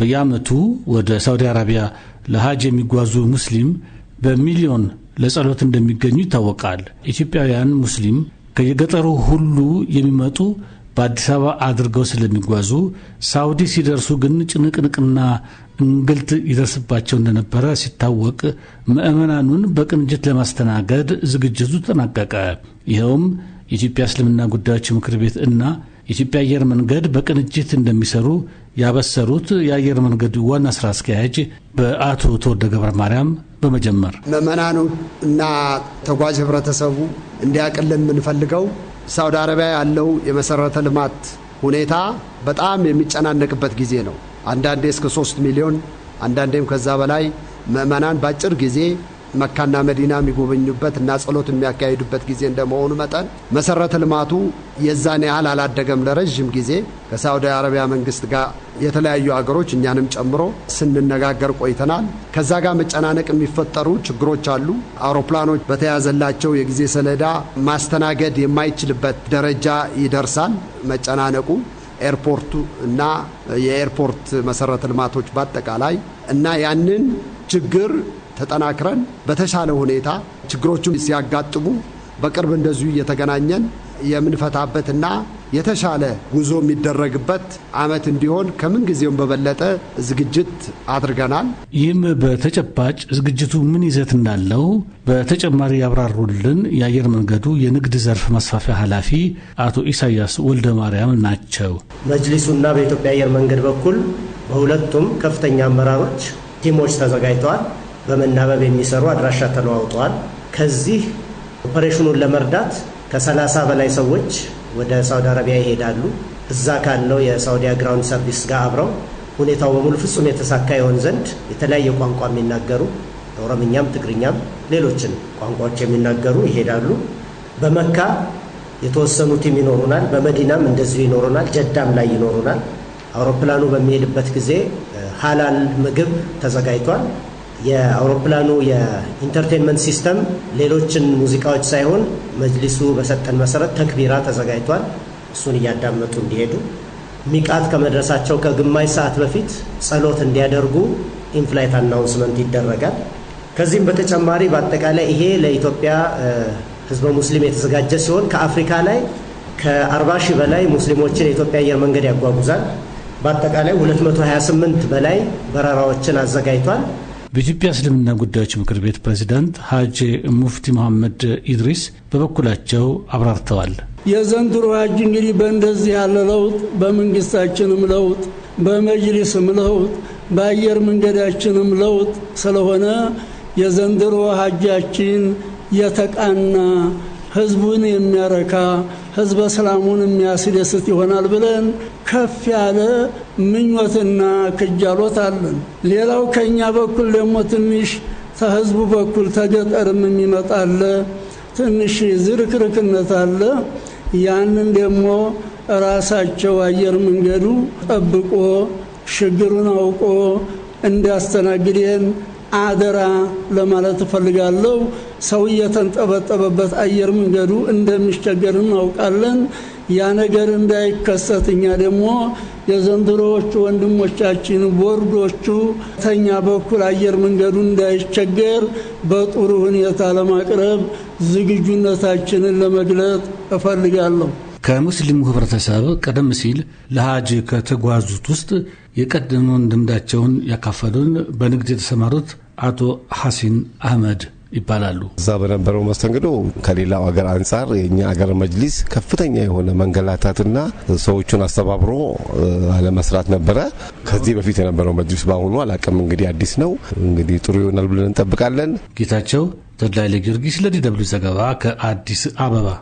በየአመቱ ወደ ሳውዲ አረቢያ ለሀጅ የሚጓዙ ሙስሊም በሚሊዮን ለጸሎት እንደሚገኙ ይታወቃል። ኢትዮጵያውያን ሙስሊም ከየገጠሩ ሁሉ የሚመጡ በአዲስ አበባ አድርገው ስለሚጓዙ ሳውዲ ሲደርሱ ግን ጭንቅንቅና እንግልት ይደርስባቸው እንደነበረ ሲታወቅ ምዕመናኑን በቅንጅት ለማስተናገድ ዝግጅቱ ተጠናቀቀ። ይኸውም የኢትዮጵያ እስልምና ጉዳዮች ምክር ቤት እና የኢትዮጵያ አየር መንገድ በቅንጅት እንደሚሰሩ ያበሰሩት የአየር መንገዱ ዋና ስራ አስኪያጅ በአቶ ተወደ ገብረ ማርያም በመጀመር ምዕመናኑ እና ተጓዥ ህብረተሰቡ እንዲያቅልን የምንፈልገው ሳውዲ አረቢያ ያለው የመሰረተ ልማት ሁኔታ በጣም የሚጨናነቅበት ጊዜ ነው። አንዳንዴ እስከ ሶስት ሚሊዮን አንዳንዴም ከዛ በላይ ምዕመናን በአጭር ጊዜ መካና መዲና የሚጎበኙበት እና ጸሎት የሚያካሂዱበት ጊዜ እንደመሆኑ መጠን መሰረተ ልማቱ የዛን ያህል አላደገም። ለረዥም ጊዜ ከሳውዲ አረቢያ መንግስት ጋር የተለያዩ አገሮች እኛንም ጨምሮ ስንነጋገር ቆይተናል። ከዛ ጋር መጨናነቅ የሚፈጠሩ ችግሮች አሉ። አውሮፕላኖች በተያዘላቸው የጊዜ ሰሌዳ ማስተናገድ የማይችልበት ደረጃ ይደርሳል መጨናነቁ ኤርፖርቱ እና የኤርፖርት መሰረተ ልማቶች በአጠቃላይ እና ያንን ችግር ተጠናክረን በተሻለ ሁኔታ ችግሮቹን ሲያጋጥሙ በቅርብ እንደዚሁ እየተገናኘን የምንፈታበትና የተሻለ ጉዞ የሚደረግበት ዓመት እንዲሆን ከምንጊዜውም በበለጠ ዝግጅት አድርገናል። ይህም በተጨባጭ ዝግጅቱ ምን ይዘት እንዳለው በተጨማሪ ያብራሩልን የአየር መንገዱ የንግድ ዘርፍ ማስፋፊያ ኃላፊ አቶ ኢሳያስ ወልደ ማርያም ናቸው። መጅሊሱና በኢትዮጵያ አየር መንገድ በኩል በሁለቱም ከፍተኛ አመራሮች ቲሞች ተዘጋጅተዋል። በመናበብ የሚሰሩ አድራሻ ተለዋውጠዋል። ከዚህ ኦፐሬሽኑን ለመርዳት ከሰላሳ በላይ ሰዎች ወደ ሳውዲ አረቢያ ይሄዳሉ። እዛ ካለው የሳውዲ ግራውንድ ሰርቪስ ጋር አብረው ሁኔታው በሙሉ ፍጹም የተሳካ ይሆን ዘንድ የተለያየ ቋንቋ የሚናገሩ ኦሮምኛም፣ ትግርኛም፣ ሌሎችን ቋንቋዎች የሚናገሩ ይሄዳሉ። በመካ የተወሰኑ ቲም ይኖሩናል። በመዲናም እንደዚሁ ይኖሩናል። ጀዳም ላይ ይኖሩናል። አውሮፕላኑ በሚሄድበት ጊዜ ሀላል ምግብ ተዘጋጅቷል። የአውሮፕላኑ የኢንተርቴንመንት ሲስተም ሌሎችን ሙዚቃዎች ሳይሆን መጅሊሱ በሰጠን መሰረት ተክቢራ ተዘጋጅቷል። እሱን እያዳመጡ እንዲሄዱ ሚቃት ከመድረሳቸው ከግማሽ ሰዓት በፊት ጸሎት እንዲያደርጉ ኢንፍላይት አናውንስመንት ይደረጋል። ከዚህም በተጨማሪ በአጠቃላይ ይሄ ለኢትዮጵያ ህዝበ ሙስሊም የተዘጋጀ ሲሆን ከአፍሪካ ላይ ከ ሺህ በላይ ሙስሊሞችን የኢትዮጵያ አየር መንገድ ያጓጉዛል። በአጠቃላይ 228 በላይ በረራዎችን አዘጋጅቷል። በኢትዮጵያ እስልምና ጉዳዮች ምክር ቤት ፕሬዚዳንት ሀጅ ሙፍቲ መሐመድ ኢድሪስ በበኩላቸው አብራርተዋል። የዘንድሮ ሀጅ እንግዲህ በእንደዚህ ያለ ለውጥ በመንግስታችንም ለውጥ በመጅሊስም ለውጥ በአየር መንገዳችንም ለውጥ ስለሆነ የዘንድሮ ሀጃችን የተቃና ህዝቡን የሚያረካ ህዝበ ሰላሙን የሚያስደስት ይሆናል ብለን ከፍ ያለ ምኞትና ክጃሎት አለን። ሌላው ከእኛ በኩል ደግሞ ትንሽ ከህዝቡ በኩል ተገጠርም የሚመጣለ ትንሽ ዝርክርክነት አለ። ያንን ደግሞ ራሳቸው አየር መንገዱ ጠብቆ ችግሩን አውቆ እንዲያስተናግድን አደራ ለማለት እፈልጋለሁ። ሰው እየተንጠበጠበበት አየር መንገዱ እንደሚቸገር እናውቃለን። ያ ነገር እንዳይከሰት እኛ ደግሞ የዘንድሮዎቹ ወንድሞቻችን ቦርዶቹ ተኛ በኩል አየር መንገዱ እንዳይቸገር በጥሩ ሁኔታ ለማቅረብ ዝግጁነታችንን ለመግለጥ እፈልጋለሁ። ከሙስሊሙ ህብረተሰብ ቀደም ሲል ለሀጅ ከተጓዙት ውስጥ የቀደመውን ልምዳቸውን ያካፈሉን በንግድ የተሰማሩት አቶ ሐሲን አህመድ ይባላሉ። እዛ በነበረው መስተንግዶ ከሌላው አገር አንጻር የእኛ አገር መጅሊስ ከፍተኛ የሆነ መንገላታትና ሰዎቹን አስተባብሮ አለመስራት ነበረ። ከዚህ በፊት የነበረው መጅሊስ በአሁኑ አላቅም። እንግዲህ አዲስ ነው። እንግዲህ ጥሩ ይሆናል ብለን እንጠብቃለን። ጌታቸው ተድላይ ለጊዮርጊስ ለዲ ደብልዩ ዘገባ ከአዲስ አበባ